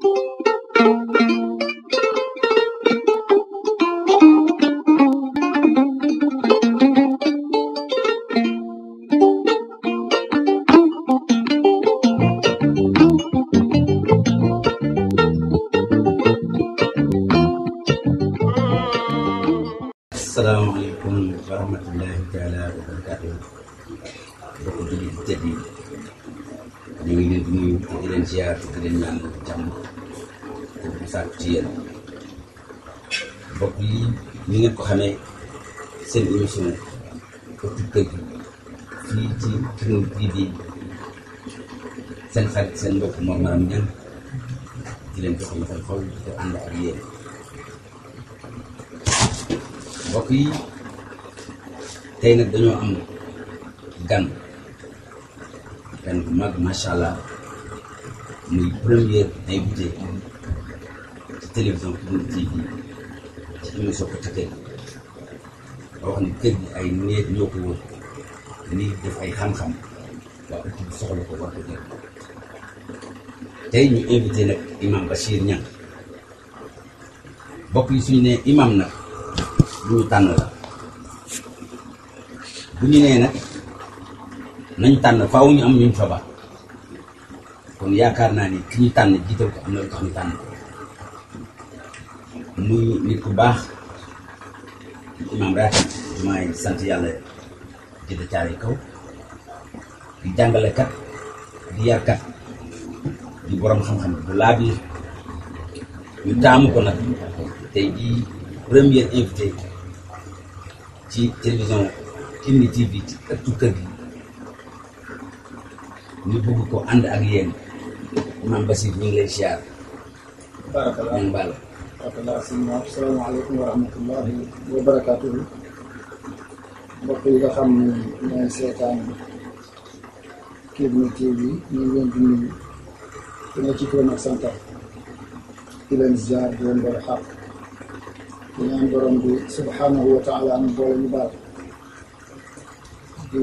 Thank you. sàkku ci yéen mbokk yi ni ngeen ko xamee seen émission ëttu kër gi ci turam bii di seen xarit seen mbokk moom maam ñan di leen jox matal xol di ko ànd ak yéen tey nag dañoo am gan gan bu mag macha allah muy première député ci télévision Kifne TV ci émission Koutouté wax ni kër gi ay néeg ñoo ko wër dañuy def ay xam-xam waa ëtt bi soxla ko war ko jël tey ñu invité nag imam Bachir Niang bokk yi suñu nee imam nag bu ñu tànn la bu ñu nee nag nañ tànn faaw am ñu fa ba kon yaakaar naa ni ki ñu tànn jiital ko am na lu tax ñu tànn ko muy nit ku baax imaam raati maay sant yàlla jënd caari kaw di jàngalekat di yarkat di borom xam-xam bu laabiir ñu taamu ko nag tey di premier invité ci télévision Kifne TV ci ëttu kër gi ñu bëgg ko ànd ak yéen imaam Basir ñu ngi lay siyaar. barakallah waqala simna asalaamaaleykum wa rahmatullahi wa barakaatuhu mbokk yi nga xam ne ñooy seetaan Kifne TV ñu ngi leen di ne ci turam ak santam di di leen boole xaq di ñaan borom bi subhanahu wa taala am boole ñu baal di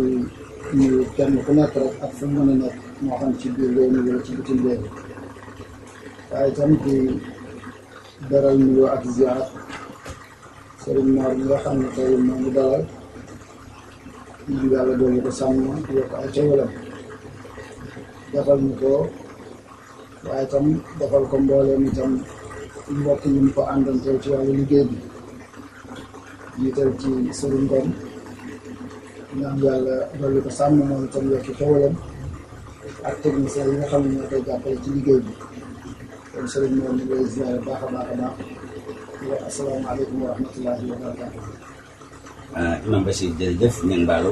nuyu kenn ku nekk rek ak fu mu mën a nekk moo xam ci biir réew mi wala ci bitim réew waaye tam di beral nuyoo ak ziar sëriñ Mor mi xam ne tey moo ngi dalal ñaan yàlla doolu ko sàmm yokk ay tegalam defal ñu ko waaye tam defal ko mbooleem itam mbokk yi ñu ko àndanteel ci wàllu liggéey bi jiital ci sëriñ Ngom ñaan yàlla doolu ko sàmm moom itam yokk tegalam ak technicien yi nga xam ne ñoo koy jàppale ci liggéey bi kon sëriñ bi ñu ngi lay ziare baax a baax a baax di la asalaamaaleykum wa rahmatullahi wa barakaatu. Ah, imam Bachir jërëjëf ngeen baalu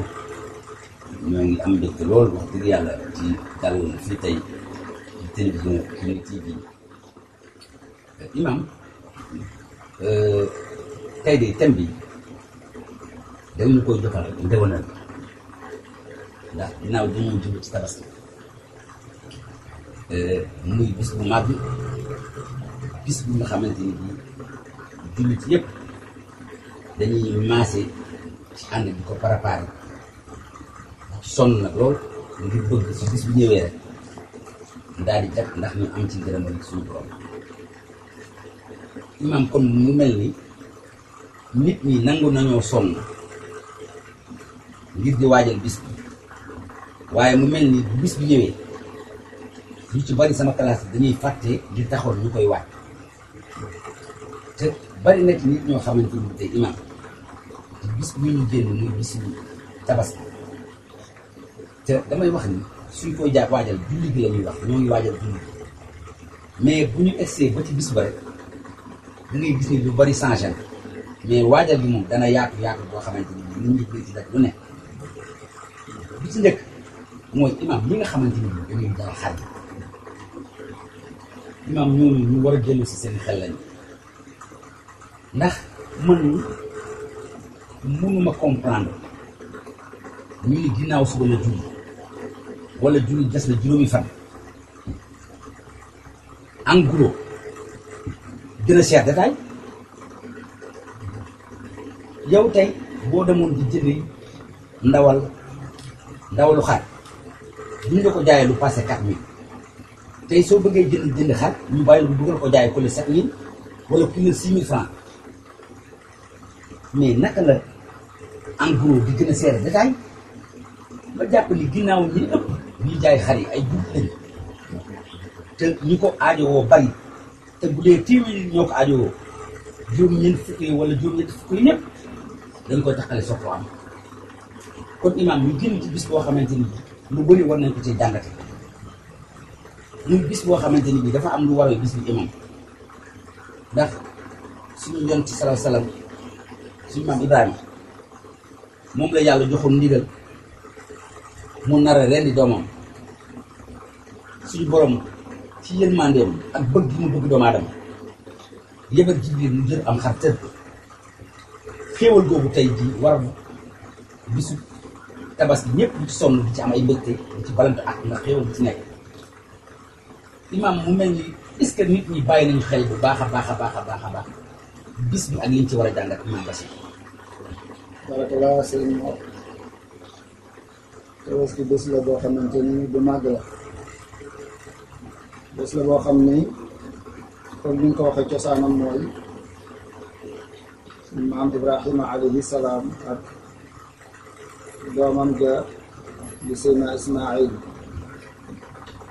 ñoo ngi am dëkk lool wax dëgg yàlla ci dal fii tey ci télévision Kifne imam euh, tey de thème bi dañu koy joxal ndewenal ndax ginnaaw dañoo jublu muy bis bu màgg bis bu nga xamante ni bi jullit yëpp dañuy maase ci ànd bi ko préparé sonn nag lool ngir bëgg si bis bu ñëwee rek daal di jag ndax ñu am ci ngërëmal suñu borom imam kon mu mel ni nit ñi nangu nañoo sonn ngir di waajal bis bi waaye mu mel ni bis bi ñëwee ñu ci bari sama classe dañuy fàtte li taxoon ñu koy wàcc te bari na nit ñoo xamante ni tey imaam te bis bu ñu damay wax ni suñ koy jàpp bi la ñuy wax ñoo mais bu ñu egsee ba ci bis ba rek da ngay gis ni lu bari changé na mais waajal bi moom dana yaatu yaatu boo xamante ni nit ñi bëri ne ci njëkk mooy imaam li nga xamante ni dañuy dal xar yi imaam ñooñu ñu war a génn si seen xel lañ ndax man mënuma comprendre ñu ni ginnaaw suba la julli wala julli des na juróomi fan en gros dina cher détail yow tey boo demoon di jëndi ndawal ndawalu xaar duñ nga ko jaayee lu passé quatre mille tey soo bëggee jënd jënd xar ñu bàyyi lu dugal ko jaay ku ne sept mille wala ku ne six mille franc mais naka la en gros di gën a seer détail ma jàpp ni ginnaaw ñi ëpp ñuy jaay xar yi ay jub lañ te ñi ko aajowoo bari te bu dee téeméeri ñoo ko aajowoo juróom-ñeent fukk yi wala juróom-ñeent fukk yi ñëpp dañ koy taxale soog ko am kon imaam ñu génn ci bis koo xamante ni lu bëri war nañ ko ci jàngate. ñun bis boo xamante ni dafa am lu waral bis bi imam ndax suñu yonent ci salaa salaam suñu maam Ibrahima moom la yàlla joxoon ndigal mu nar a rendi doomam suñu borom ci yërmandeem ak bëgg mu bëgg doomu aadama yëbal Jibril mu jël am xar tër xéewal googu tey ji war bisu tabas ñëpp ci sonn di ci am ay mbégte di ci balante ak ndax xéewal bi ci nekk imam mu mel ni est ce nit ñi bay nañ xel bu baaxa baaxa baaxa baaxa baax bis bi ak liñ ci wara a Basi. la ak doomam ja di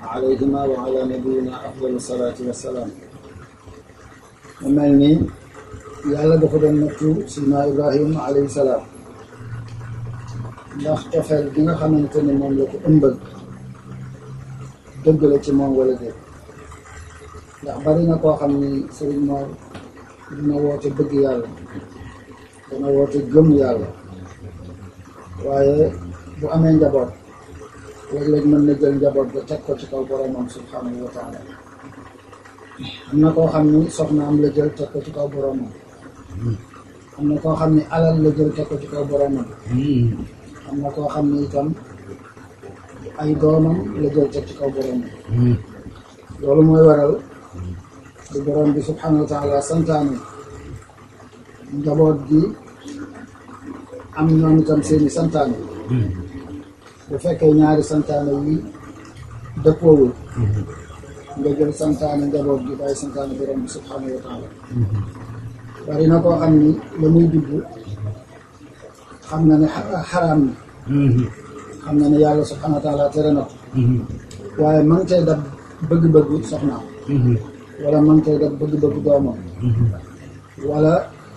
alayhima wa ala nabiyina afdalu salaatu wa salaam mu mel nii yàlla dafa doon nattu sidna ibrahim alayhi salaam ndax cofeel bi nga xamante ni moom la ko ëmbal dëgg la ci moom wala déet ndax bari na koo xam ni sëriñ Mor dina woote bëgg yàlla dana woote gëm yàlla waaye bu amee njaboot léeg-léeg mën na jël ko ci kaw boromam subhanahu wa taala am soxnaam la jël teg kaw boromam am xam ni alal la jël teg ko ci kaw boromam am na koo xam ni itam ci kaw boromam loolu mooy waral di boroom bi subhanahu wa taala santaane njaboot gi am ñoom itam seeni santaane bu fekkee ñaari santaane yi dëppoowul nga jël santaane njaboot gi bàyyi santaane borom bi subhaanahu wa taala bari na koo xam ni la muy dugg xam na ne xaraam na xam na ne yàlla subhaanahu wa taala tere na ko waaye man tey dab bëgg-bëgg soxnaam wala man tey dab bëgg-bëgg doomam wala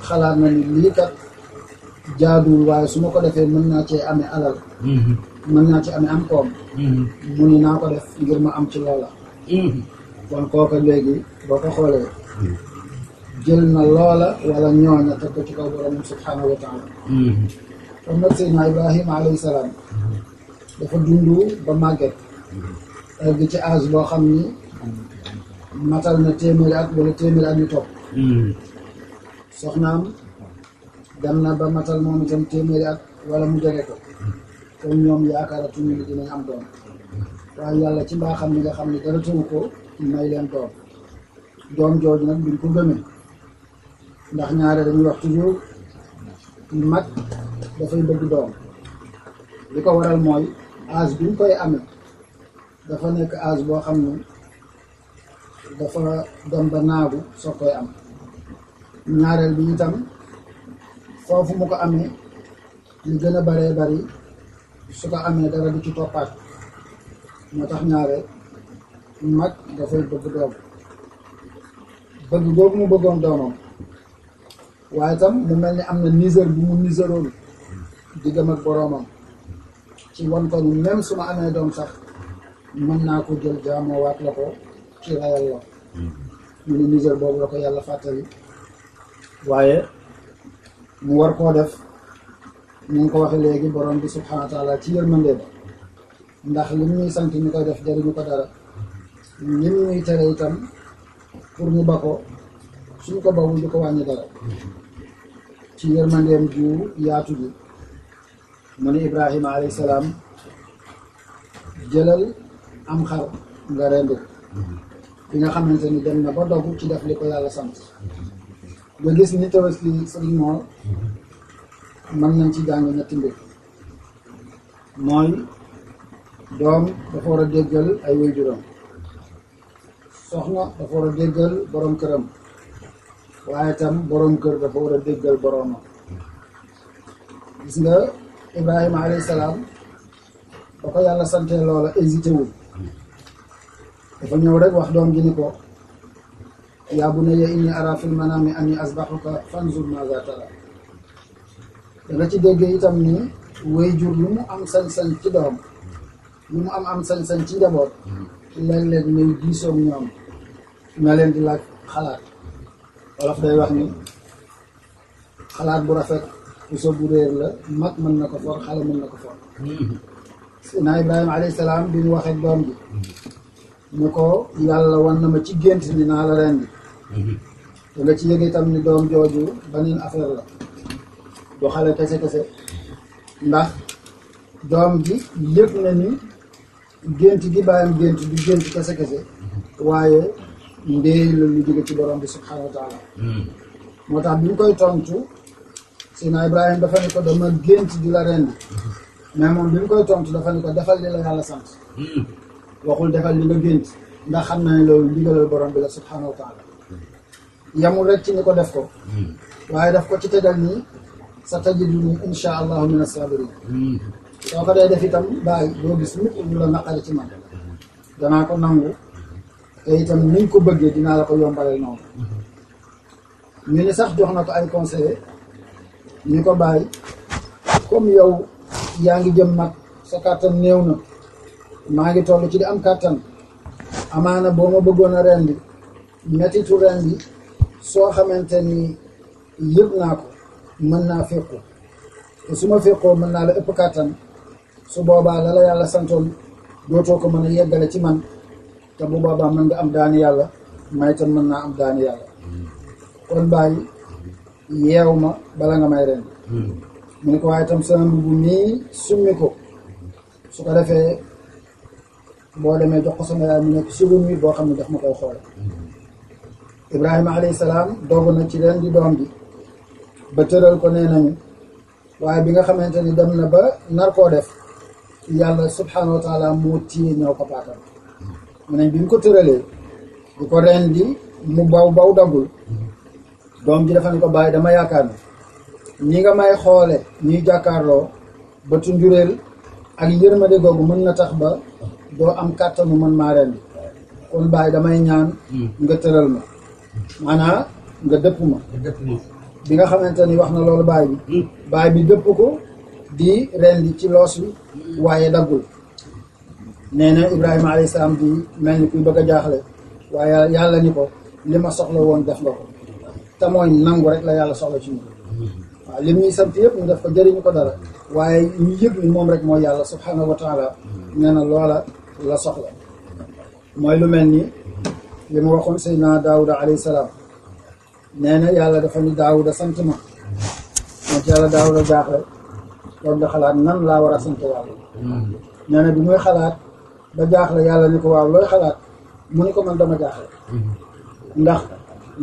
xalaat na ni lii kat jaaduwul waaye su ma ko defee mën naa cee amee alal mën naa ci amee am koom. mu mm-hmm. ni naa ko def ngir ma am ci loola. Mm-hmm. kon kooka léegi boo ko xoolee. Mm-hmm. jël na loola wala ñooña teg ko ci kaw borom subhaanahu wa taala. kon salaam. dafa dund ba màgget. egg ci as boo xam ni. matal na téeméeri at wala téeméeri at ñu na ba matal moom wala mu jege ko. te ñoom yaakaaratuñu ni dinañ am doom waaye yàlla ci mbaaxam ni nga xam ne dara tëwu ko may leen doom doom jooju nag duñ ko gëmee ndax ñaare dañuy wax toujours mag dafay bëgg doom li ko waral mooy âge bi ñu koy amee dafa nekk âge boo xam ne dafa dem ba naagu soo koy am ñaareel bi itam foofu mu ko amee li gën a baree bari su ko amee dara du ci toppaat moo tax ñaare mag dafay bëgg doom bëgg boobu mu bëggoon doomam waaye tam mu mel ni am na niser bu mu niseroon diggam ak boroomam ci won ko ni même su ma amee doom sax mën naa ko jël jaamoo waat la ko ci rayal la mu ne niser boobu la ko yàlla fàttali waaye mu war koo def ni ngi ko waxee léegi borom bi subhanahu wa taala ci yërmandee ba ndax lim ñuy sant ñu koy def jëriñu ko dara lim ñuy tere itam pour ñu ba ko suñ ko bawul du ko wàññi dara ci yërmandeem ju yaatu ji mu ne Ibrahima alayhi salaam jëlal am xar nga rendi bi nga xamante ni dem na ba dogu ci def li ko yàlla sant nga gis ni tabaski sëriñ moor man nañ ci jàng ñetti mbir mooy doom dafa war a déggal ay waajuram soxna dafa war a déggal borom këram waaye tam borom kër dafa war a déggal boromam gis nga Ibrahima alayhi salaam ba yàlla santee loola hésité dafa ñëw rek wax doom gi ni ko yaa bunayya inni araa fil manaami anni asbahuka fanzur maazaa taraa danga ci déggee itam ni waajur lu mu am sañ-sañ ci doom lu mu am am sañ-sañ ci njaboot léeg-léeg ñëw diisoog ñoom na leen di laaj xalaat wolof day wax ni xalaat bu rafet puso bu réer la mag mën na ko for xale mën na ko for sina ibrahima alayhi salaam bi mu doom bi ñu ko yàlla woon na ma ci gént ni naa la ren bi da ci yëg itam ni doom jooju beneen affaire la du xale kese kese ndax doom ji yëg na ni gént gi bàyyam gént du gént kese kese waaye ndéey la lu jóge ci borom bi subhanahu wa taala hmm. moo tax bi ñu koy tontu Seydina Ibrahima dafa ne ko dama gént di la rendi mais moom bi ñu koy tontu dafa ne ko defal li la yàlla sant hmm. waxul defal li nga gént ndax xam na ne loolu ndigalal borom bi la subhanahu wa taala yamul rek ci ni ko def ko hmm. waaye daf ko ci tegal nii sa tajidum insha allah min asabirin soo ko dee def itam bàyyi doo gis mukk lu la naqari ci man danaa ko nangu te itam niñ ko bëggee dinaa la ko yombalal noonu ñu ni sax jox na ko ay conseillers ñu ko bàyyi comme yow yaa ngi jëm mag sa kàttan néew na maa ngi toll ci di am kàttan amaana boo ma bëggoon a rendi mettitu rendi soo xamante ni yëg naa ko mën naa fekku te su ma fekkoo mën naa la ëpp kàttan su boobaa lala yàlla santoon dootoo ko mën a yeggale ci man te bu boobaa mën nga am daani yàlla may tam mën naa am daani yàlla kon bàyyi yeew ma bala nga may ren mu ne ko waaye tam sama mbubb mii summi ko su ko defee boo demee jox ko sama yaay mu nekk subum wi boo xam ne daf ma koy xool Ibrahima alayhi salaam doog na ci ren di doom bi ba tëral ko nee nañu waaye bi nga xamante ni dem na ba nar koo def yàlla subhanahu wa taala moo téye ñoo ko paatal mu ne bi ko tëralee di ko reen di mu baw baw daggul doom ji dafa ko bàyyi dama yaakaar ne ni nga may xoole ñuy jàkkaarloo ba tunjuréel ak yërmande googu mën na tax ba doo am kàttanu mën maa ren bi kon bàyyi damay ñaan hmm. nga tëral ma maanaa nga dëpp ma bi nga xamante ni wax na loolu baay bi hmm. baay bi dëpp ko di rendi ci loos bi waaye daggul nee na Ibrahima alayhi salaam di mel ni kuy bëgg a jaaxle waaye yàlla ni ko li ma soxla woon def nga ko te mooy nangu rek la yàlla soxla ci ñu waaw lim ñuy sant yëpp ñu def ko jëriñu ko dara waaye ñu yëg ni moom rek mooy yàlla subhanahu wa taala na loola la soxla mooy lu mel ni li mu waxoon Seydina Daawuda alayhi salaam nee na yàlla dafa ni daawuda sant ma moo ci yàlla daawuda jaaxle doon da xalaat nan laa war a sant yàlla nee bi muy xalaat ba jaaxle yàlla ni ko waaw looy xalaat mu ni ko man dama jaaxle ndax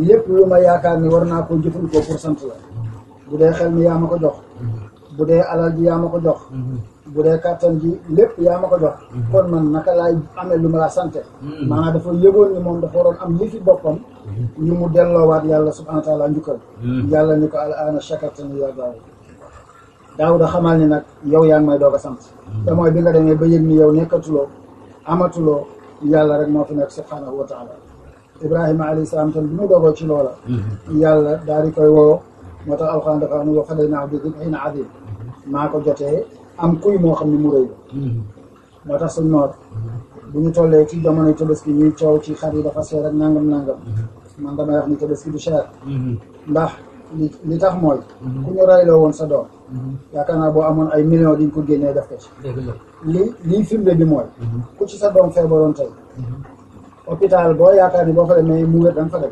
lépp lu ma yaakaar ni war naa koo jëfandikoo pour sant la bu dee xel ni yaa ma ko jox bu dee alal ji yaa ma ko jox bu dee kàttan ji lépp yaa ma ko jox kon man naka laay amee lu ma la sante maanaam dafa yëgoon ni moom dafa waroon am li fi boppam ñu mu delloowaat yàlla subhaanahu wa taala njukkal hmm. yàlla ni ko al aana shakartani yaa daawuda daawuda xamal ni nag yow yaan ngi may doog a sant hmm. te mooy bi nga demee ba yëg ni yow nekkatuloo amatuloo yàlla rek moo fi nekk subhaanahu wa taala ibrahima alayhi salaam tam bi mu doogoo ci loola hmm. yàlla daal di koy woo moo tax alxuraan dafa wax ni wa fadaynaahu bi dibhin aziim maa ko jotee am kuy moo xam ne mu rëy moo tax suñ bu ñu tollee ci jamonoy tabaski ñuy coow ci xar yi dafa seer ak nangam nangam mm-hmm. man damay wax ni tabaski du cher mm-hmm. ndax li li tax mooy mm-hmm. ku ñu rayloo woon sa doom yaakaar naa boo amoon ay millions diñ ko génnee def ko ci li lii firnde bi mooy ku ci sa doom feebaroon tey hôpital boo yaakaar ni boo fa demee mu wér danga fa dem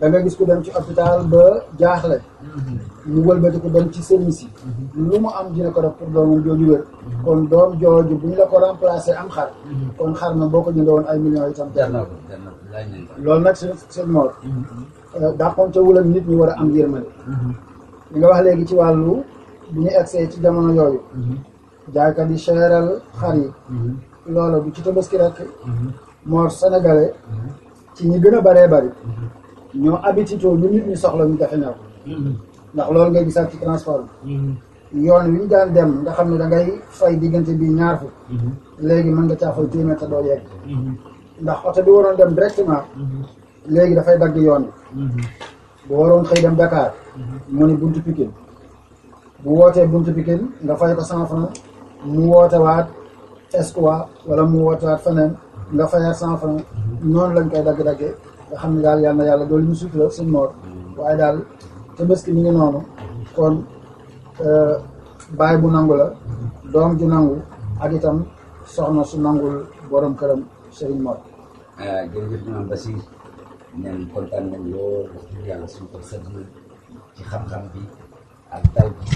danga gis ku dem ci hôpital ba jaaxle mu mm-hmm. wëlbatiku dem ci service yi mm-hmm. lu mu am dina ko def pour doomam jooju wér mm-hmm. kon doom jooju bu ñu la ko remplacer am xar kon xar na boo ko jëndee woon ay millions itam jar na ko loolu nag seen seen moor euh, dàqoon ca nit ñi war a am yërmande li nga wax léegi ci wàllu bu ñu egsee ci jamono yooyu jaaka yi seeral xar yi loolu bu ci tabaski rek moor sénégalais ci ñi gën a baree bari ñoo habitué lu nit ñi soxla ñu defe ko ndax loolu nga gisaat ci transport bi mhm. yoon wi ñu daan dem nga xam ne da ngay fay diggante bi ñaar fukk mhm. léegi mën nga caa fay téeméer te doo yegg mhm. ndax oto bi waroon dem directement léegi dafay dagg yoon bi bu waroon xëy dem Dakar mu ni buntu Pikine bu wootee buntu Pikine nga fay ko cent franc mu woote wootewaat Escouade wala mu wootewaat feneen nga fayaat cent franc noonu lañ koy dagg-daggee nga xam ne daal yàlla na yàlla doolu ñu sutura suñ moor waaye daal tabaski mi ngi noonu kon euh, baay bu nangu la doom ju nangu ak itam soxna su nangul borom këram sëriñ moor ah, jërëjëf imam Basir neen kontaan nañ lool wax dëgg yàlla suñu ko sëdd na ci xam-xam bi ak dal bi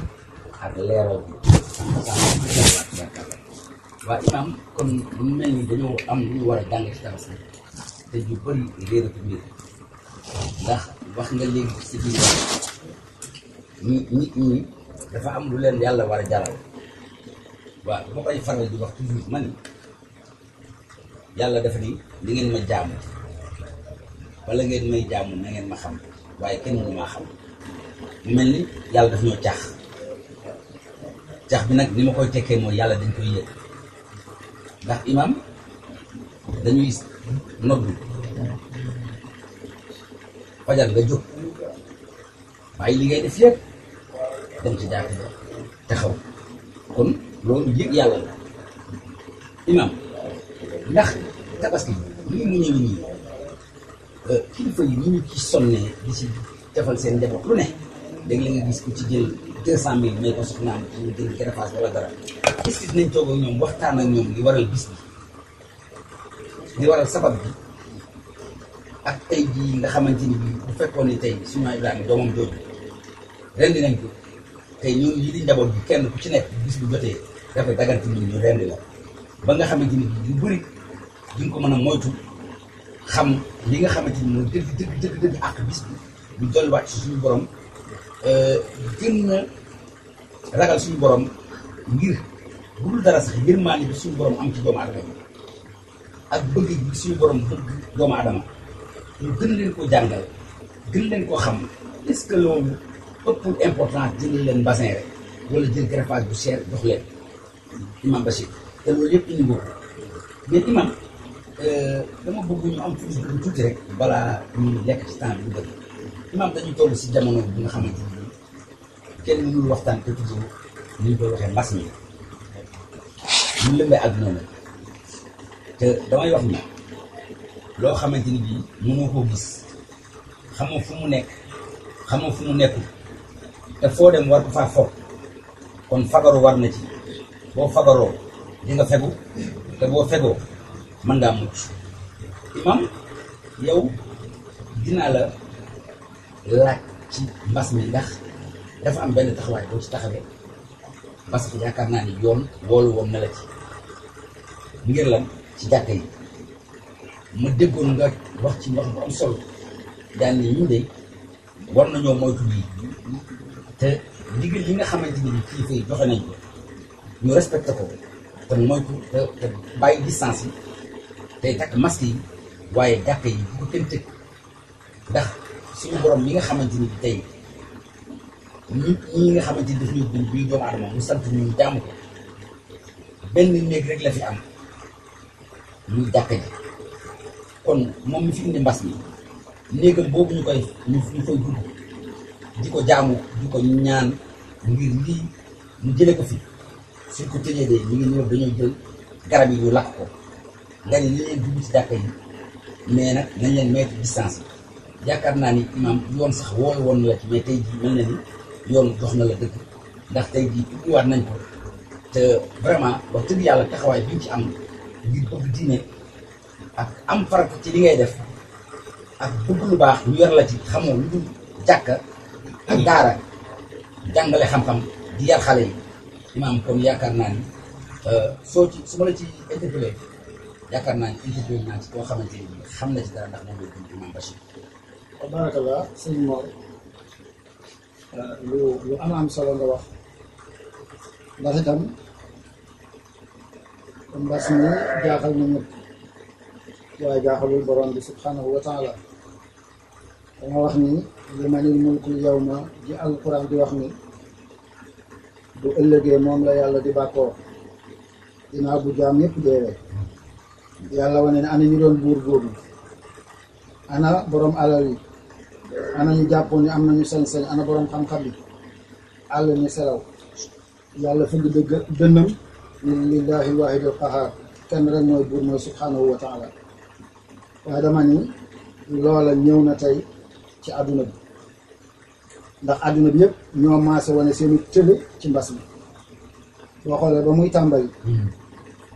ak leeral bi waaw imam kon mu mel ni dañoo am lu ñu war a jàng ci tabaski te ñu bëri a mbir ndax wax nga léegi ci biir nit ñi ñi dafa am lu leen yàlla war a jaral waaw bu ma koy faral di wax toujours man yàlla dafa ni ni ngeen ma jaamu wala ngeen may jaamu nangeen ma xam waaye kenn mënu maa xam mel ni yàlla daf ñoo caax caax bi nag ni ma koy tekkee mooy yàlla dañ koy yëg ndax imam dañuy noddu fajar nga jóg bàyyi li ngay def yëpp dem ci jàkk ba taxaw kon loolu yëg yàlla la imam ndax tabaski lii mu ñëwee nii euh, kilifa yi ni ñu ci sonnee di ci defal seen njaboot lu ne da nga gis ku ci jël deux cent mille may ko soxnaam ci jël kerefaas wala dara est-ce que dinañ toog ak ñoom waxtaan ak ñoom li waral bis bi li waral sabab bi ak tey jii nga xamante ni bu fekkoon ne tey suma Ibrahima doomam jooju rendi nañ ko tey ñun yi di njaboot bi kenn ku ci nekk bis bu jotee dafay daggante ni ñu rendi la ba nga xamante ni bii yu ko mën a moytu xam li nga xamante ni mooy dëgg dëgg dëgg dëgg ak bis bi ñu dolliwaat ci suñu borom euh, gën na ragal suñu borom ngir bu dul dara sax yërmaane bi suñu borom am ci doomu aadama ak bëgg gi suñu borom bëgg doomu aadama ñu gën leen ko jàngal gën leen ko xam est-ce que loolu ëppul importance jënd leen bassin rek wala jël greffage bu cher jox leen imam Bachir te loolu yëpp ñu wër mais imam euh, dama bëgg ñu am tuuti dugg tuuti rek balaa ñu lekk ci temps bi si jamono bi nga xamante ni kenn mënul waxtaan te toujours ni ñu koy waxee mbas mi ñu lëmbee àdduna la te damay wax ni loo xamante ni bii mënoo koo gis xamoo fu mu nekk xamoo fu mu nekkul te foo dem war ko faa foog kon fagaru war na ci boo fagaroo di nga fegu te boo fegoo mën ngaa mucc imam yow dinaa la laaj ci mbas mi ndax dafa am benn taxawaay boo ci taxawee parce que yaakaar naa ni yoon woolu woon na la ci ngir lan ci jàkka yi ma déggoon nga wax ci wax bu am solo daan ne ñun de war nañoo moytu lii te ndigal yi nga xamante ni kilifa nañ ko ñu respecté ko te moytu te te bàyyi distance yi tey takk masque yi waaye jàkka yi bu ko kenn tëj ndax suñu borom mi nga xamante ni tey ñun ñi nga xamante ni daf ñuy dund bii doomu aadama mu sant ñu jaamu ko benn néeg rek la fi am. lu dul jàkka ji kon moom mi fi indi mbas mi néegam boobu ñu koy ñu koy dugg di ko jaamu di ko ñaan ngir lii ñu jële ko fi suñ ko tëjee de ñu ngi ñëw dañoo jël garab yi ñu lakk ko nga ne leen dugg ci jàkka yi mais nag nañ leen mettre distance yaakaar naa ni imaam yoon sax wooy woon na la ci mais tey jii mel na ni yoon dox na la dëgg ndax tey jii ubbiwaat nañ ko te vraiment wax dëgg yàlla taxawaay bi ñu ci am ngir diine ak am farata ci li ngay def ak bëgg lu baax ñu yor la ci xamoo lu dul jàkka ak daara jàngale xam-xam di yar xale yi imaam kon yaakaar naa ni euh, soo ci su ma la ci interpellé yaakaar naa ni interpellé naa ci koo xamante ni xam na ci dara ndax moom la gën Bachir. barakallah sëñ Mor euh, lu lu am am solo nga wax ndax itam mbas mi jaaxal na ñëpp waaye jaaxalul borom bi subhanahu wa taala dama wax ni li manil mulkul yawma ji alquran di wax ni bu ëllëgee moom la yàlla di bàkkoo dinaa bu jaam ñëpp deewee yàlla wane ne ana ñu doon buur boobu ana borom alal yi ana ñu jàppoon ni am nañu seen sañ ana borom xam-xam yi àll ni selaw yàlla fëgg dëgg dënnam lillahi lwaahid alqahaar kenn rek mooy buur mooy subhaanahu wa taala waaye dama ni loola ñëw na tey ci àdduna bi ndax àdduna bi yëpp ñoo maase wane seeni tële ci mbas mi boo xoolee ba muy tàmbali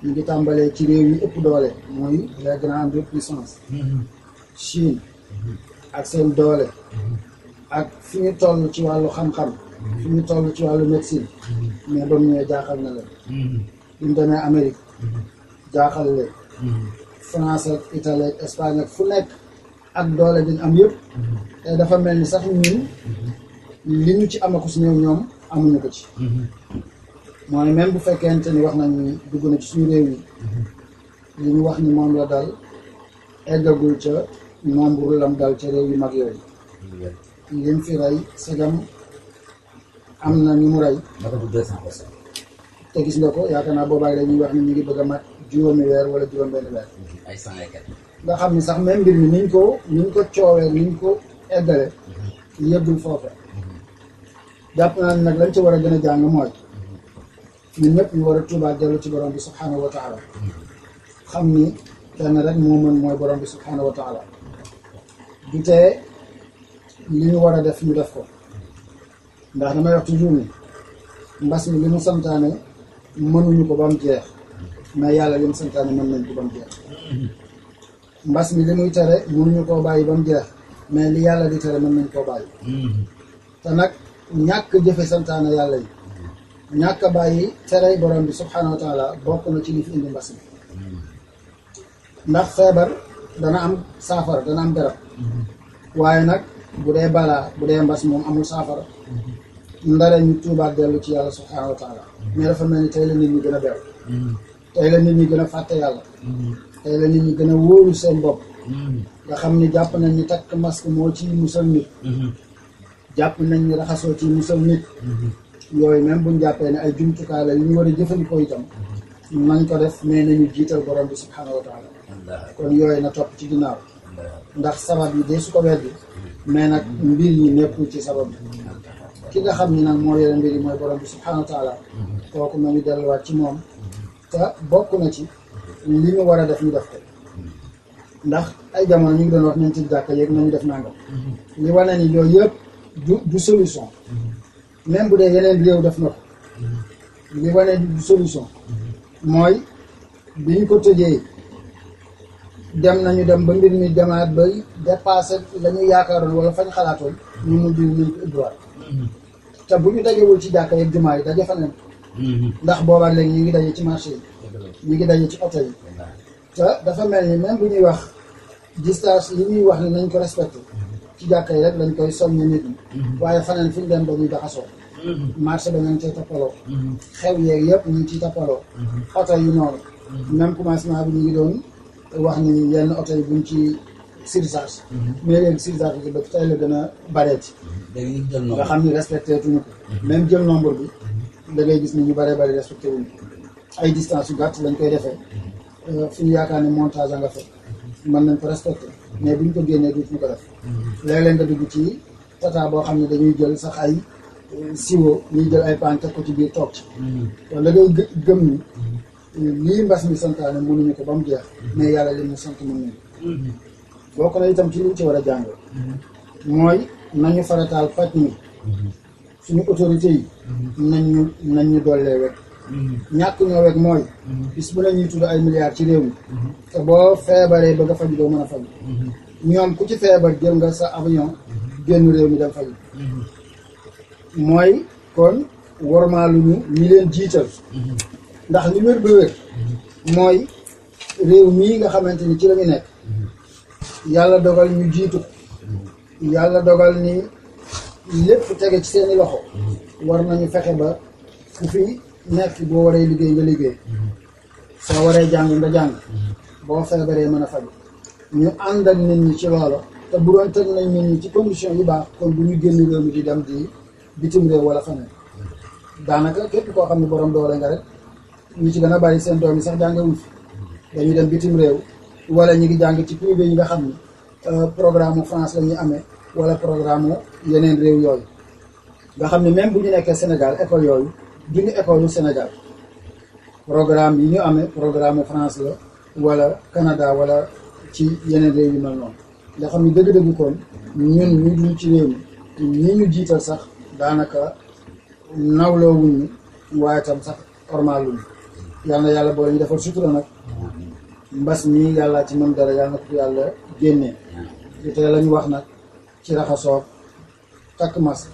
ñu ngi tàmbalee ci réew yi ëpp doole mooy les grandes puissances Chine ak seen doole ak fi ñu toll ci wàllu xam-xam fi ñu toll ci wàllu médecine mais ba mu ñëwee jaaxal na la bi mu demee Amérique jaaxal leen France ak Italie ak Espagne ak fu nekk ak doole bi am yëpp te dafa mel ni sax ñun li ñu ci amako si ñoom ñoom amuñu ko ci mooy même bu fekkente ni wax nañu dugg na ci suñu réew yi li ñu wax ni moom la dal eggagul ca nombre lam dal ca réew yu mag yooyu lim fi rey segam am na ñu mu rey te gis nga ko yaakaar naa boobaay dañuy wax ni ñu ngi bëgg a mat juróomi weer wala juróom benn weer. ay nga xam ni sax même mbir mi niñ ko niñ ko coowee niñ ko eddale mhm. yëggul foofa jàpp naa nag lañ ci war a gën a jàng mooy ñun war a tuubaat dellu ci borom bi subhanahu wa ni kenn rek moo mën mooy borom bi subhanahu wa taala du tee li ñu war a def ñu def ko ndax damay wax ci juumi mbas mi li mu santaane mënuñu ko ba mu jeex mais yàlla lim santaane mën nañ ko ba mu jeex mbas mi li muy tere mënuñu koo bàyyi ba mu jeex mais li yàlla di tere mën nañ koo bàyyi te nag ñàkk jëfe santaane yàlla yi ñàkk bàyyi tere borom bi subhanahu wa taala bokk na ci li fi indi mbas mi ndax feebar dana am saafara dana am garab mm-hmm. waaye nag bu dee balaa bu dee mbas moom amul saafara ndaree ñu tuubaat dellu ci yàlla subhaanahu wa taala mais dafa mel ni tey la nit ñi gën a bew mm-hmm. tey la nit ñi gën a fàtte yàlla mm-hmm. tey la nit ñi gën a wóolu seen bopp mm-hmm. nga xam ni jàpp nañ ni takk masque moo ci musal nit jàpp nañ ni raxasoo ci musal nit yooyu même buñ jàppee ni ay jumtukaay la yu ñu war a jëfandikoo itam nañ ko def mais nañu jiital borom bi subhaanahu wa kon yooyu na topp ci ginnaaw ndax sabab yi dee su ko weddi mais nag mbir yi nekkul ci sabab bi ki nga xam ni nag moo yore mbir yi mooy borom bi subhanahu wa taala mm-hmm. kooku nañu delluwaat ci moom te bokk na ci li ñu war a def ñu def ko mm-hmm. ndax ay jamono ñu ngi doon wax nañ ci jàkk yéeg nañu def nangam mm-hmm. li wane ni yooyu yëpp du solution même bu dee yeneen réew def na ko li wane du mooy bi ñu ko tëjee dem nañu dem ba mbir mi demaat bay dépassé la ñu yaakaaroon wala fañ xalaatoon ñu mujj ñu ko te bu ñu dajewul ci jàkka yeeg jumaa yi daje feneen mm-hmm. ndax boobaa léegi ñu ngi daje ci marché yi ñu ngi daje ci oto yi te dafa mel ni même bu ñuy wax distance li ñuy wax ne nañ ko respecté mm-hmm. ci jàkka yi rek lañ koy soññi nit ñi mm-hmm. waaye faneen fu ñu dem dañuy daxasoo marché ba ñu te ciy toppaloo xew yeeg yëpp ñu ngi ciy toppaloo oto yi noonu même commencement bi ñu ngi doon wax ni yenn oto yi buñ ci surcharge. mais léegi surcharge bi ba tey la gën a bareeti. léegi jël nombre nga xam ni respecté tuñu ko. même jël nombre bi da ngay gis ni ñu bare bari respecté wuñu ay distance yu gàtt lañ koy defee euh, fi ñu yaakaar ne montage a nga fa mën nañ ko respecté mais buñ ko génnee duñu ko def. léeg-léeg nga dugg ci tata boo xam ne dañuy jël sax ay euh, siwo ñuy jël ay paan teg ko ci biir toog ci. kon da ngay gëm ni. Euh, lii mbas mi santaane mënuñu ko ba mu jeex mais yàlla li mu sant bokk na itam ci liñ ci war a jàng mooy nañu farataal faj mi suñu autorité yi nañ ñu nañ ñu dollee wekk ñàkk ñoo wekk mooy bis bu ne tudd ay milliards ci réew mi te boo feebaree ba nga faju doo mën a faju ku ci feebar jël nga sa avion génn réew mi dem faju mooy kon warmaaluñu ñi leen jiital ndax li wér ba wér mooy réew mii nga xamante ni ci la nekk yàlla dogal ñu jiitu yàlla dogal ni lépp tege ci seeni loxo war nañu fexe ba ku fi nekk boo waree liggéey nga liggéey soo waree jàng nga jàng boo feebaree mën a faju ñu ànd nit ñi ci loolo te bu doon teg nañ nit ñi ci condition yu baax kon bu ñu génn réew mi di dem di bitim réew wala feneen daanaka képp koo xam ne borom doole nga rek ñu ci dana a bàyyi seen doom yi sax jàngewuñ fi dañuy dem bitim réew wala ñu ngi jàng ci privé yi nga xam ni euh, programme France la ñuy amee wala programme la yeneen réew yooyu nga xam ne même bu ñu nekkee Sénégal école yooyu duñu école yu Sénégal programme yi ñu amee programme France la wala Canada walla ci yeneen réew yu mel noonu nga xam ne dëgg-dëgg kon ñun ñu ñu ci réew mi ñi ñu jiital sax daanaka nawloo wuñu waaye tam sax ormal wuñu yàlla na yàlla boole ñu defal sutura nag mbas mii yàlla ci mën dara yàlla na ko yàlla génnee te lañu wax nag ci raxasoog takk masque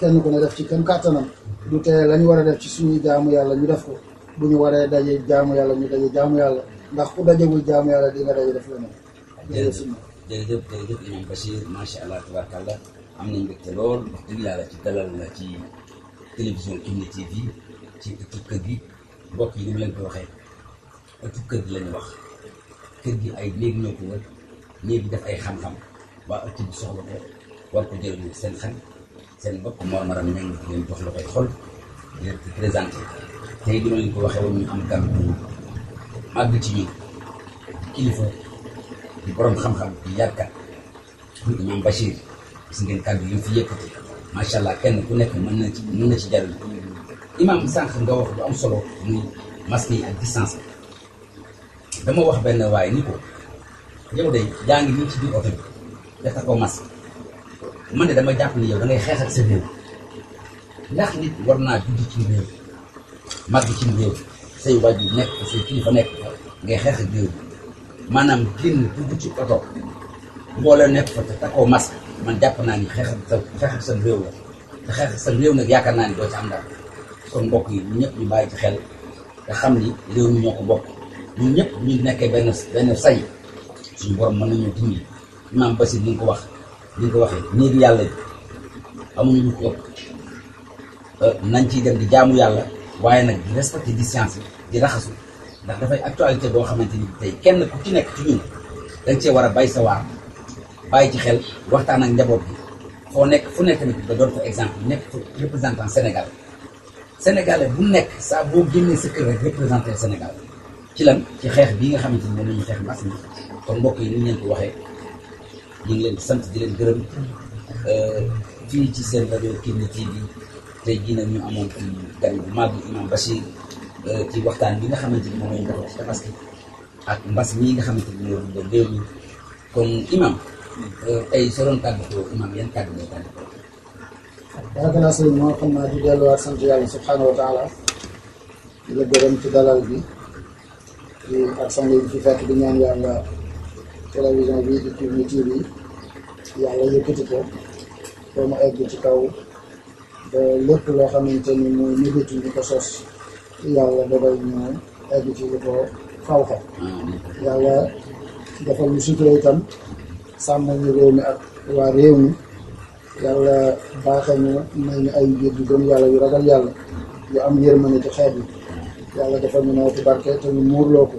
kenn ku ne def ci kenn kàttanam du tee lañu war a def ci suñuy jaamu yàlla ñu def ko bu ñu waree daje jaamu yàlla ñu daje jaamu yàlla ndax ku dajewul jaamu yàlla di nga daje def leneen. jërëjëf jërëjëf jërëjëf imam Bachir macha allah tabaarkalla am nañ mbégte lool wax dëgg yàlla ci dalal la ci télévision Kifne TV ci ëttu kër gi mbokk yi ni mu leen ko waxee ëttu kër gi lañu wax. kër gi ay néeg ñoo ko wër néeg bi def ay xam-xam waa ëtt bi soxla ko war ko jël seen xel seen bopp Mor Maram ñoom di leen jox la koy xool di leen présenté tey dina leen ko waxee woon ñu am gan bu màgg ci ñun kilifa di borom xam-xam di yàggat di imam Bachir gis ngeen kàddu yi fi yëkkati macha allah kenn ku nekk mën na ci mën na ci jaral imam sànq nga wax lu am solo muy masque yi ak distance dama wax benn waaye ni ko yow de yaa ngi nii ci biir oto bi def ko masque man de dama jàpp ni yow da ngay xeex ak sa réew ndax nit war naa judd ci réew màgg ci réew say wàjju nekk say kilifa nekk ngay xeex ak réew maanaam génn dugg ci nekk fa te takkoo masque man jàpp naa ni xeex ak sa xeex sa réew la yaakaar naa ni doo ci am dara kon mbokk yi ñëpp ñu bàyyi ci xel te xam ni réew mi ñoo ko bokk. ñun ñëpp ñu nekkee benn benn say suñu borom mën nañoo dimbali imaam Basir ni ko wax ni nga ko waxee néegi yàlla bi amuñu lu ko euh, nañ ciy dem di jaamu yàlla waaye nag di respecté distance di raxasu ndax dafay actualité boo xamante ni tey kenn ku ci nekk ci ñun dañ cee war a bay sa waar bàyyi ci xel waxtaan ak njaboot bi foo nekk fu nekk nag nga doon fa exemple nekk fa représentant Sénégal sénégalais bu nekk saa boo génnee sa kër rek représenté Sénégal. ci lan ci xeex bii nga xamante ni moom la ñuy xeex mbas mi kon mbokk yi ni ñu leen ko waxee ñu ngi leen di sant di leen gërëm euh, fii ci seen rajo Kifne TV tey jii nag ñu amoon ci gan bu mag imam Bachir euh, ci waxtaan bi nga xamante ni moom lañ defoon ci tabaski ak mbas mii nga xamante ni moom la réew mi kon imam euh, tey soo doon tàggatoo imam yan kàddu ngay tàggatoo. yaakaar naa sëñ bi moo xam naa di delluwaat sant yàlla subhanahu wa taala di la gërëm ci dalal bi ak yi fi fekk di ñaan yàlla télévision bi di Kifne TV yàlla yëkkati ko ba mu egg ci kaw ba lépp loo xamante ni mooy nëbëtu ñu ko sos yàlla dogal ñu egg ci lu ko faw ko yàlla defal ñu sutura itam sàmm ñu réew mi ak waa réew mi yàlla baaxe ñu may ñu ay biir di gëm yàlla yu ragal yàlla yu am yërmande ci xeet yi yàlla defal ñu nawet barke te ñu muurloo ko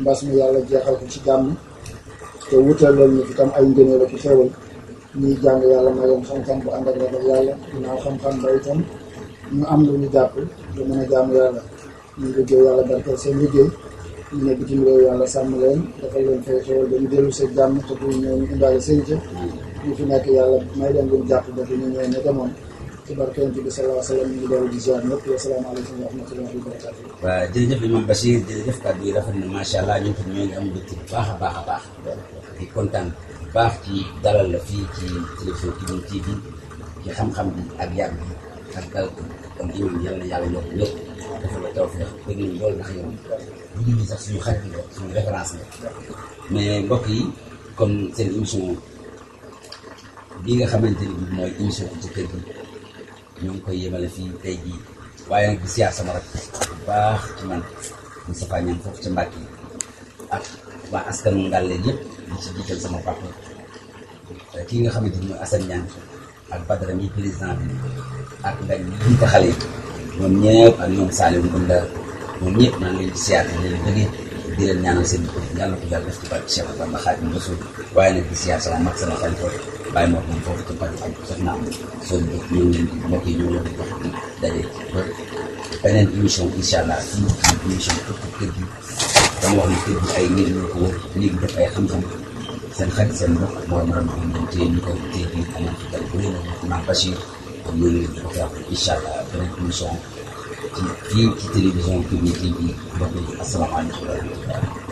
mbas mi yàlla jeexal ko ci jàmm te wutalal ñu fi tam ay ngëneel ak xéewal ñuy jàng yàlla ma yoon xam-xam bu ànd ak ragal yàlla ginnaaw xam-xam ba itam ñu am lu ñu jàpp lu mën a jaamu yàlla ñu liggéey yàlla barkeel seen liggéey ñu ne bitim réew yàlla sàmm leen defal leen fay xéewal ba dellu seen jàmm te bu ñëw fi nekk yàlla may leen luñ jàpp ba bu ñu ñëwee demoon ci barke yonent bi sallallahu alayhi wa sallam ñu ngi doon di Imam Bachir jërëjëf kàddu yi rafet na macha allah ñun tam am bu baax a baax baax di kontaan bu baax ci dalal la fii ci télévision Kidine TV ci xam-xam bi ak yàgg bi ak dal kon imam yal na yàlla yokk ñëpp dafa la tawfeex bëgg nañ loolu ndax yow bu ñu sax suñu xarit suñu référence mais mbokk yi comme seen émission bi nga xamante ni bi mooy émission ci kër gi ñoo ngi koy yemale fii tey jii waaye nag di siyaar sama rek bu baax ci man Moustapha Niang foofu ci jiital sama papa nga xamante ni mooy Assane Niang ak Badara mi président bi ak ngañ jiite xale yi ñoom ñëpp ak ñoom Saliou Ngunda ñoom ñëpp maa ngi leen di siyaar di leen bëggee di leen ñaanal seen yàlla ko yàlla def ci barke Cheikh Bamba Xaadimu Rasuul waaye nag di siyaar sama mag sama xarit bàyyi moo xam foofu ca pàcc ak sax naam seen dëkk ñu ngi mbokk yi ñu ngi leen di jox daje ba beneen émission incha allah fii émission ëpp kër gi dama wax ne kër gi ay nit ñu ko wër léegi def ay xam-xam seen xarit seen mbokk mooy maanaam ñu ngi téye ñu ko téye bi am na dal bu leen maam Bachir ak ñu ngi leen di wax incha allah beneen émission ci fii ci télévision Kewel TV mbokk yi asalaamaaleykum wa rahmatulah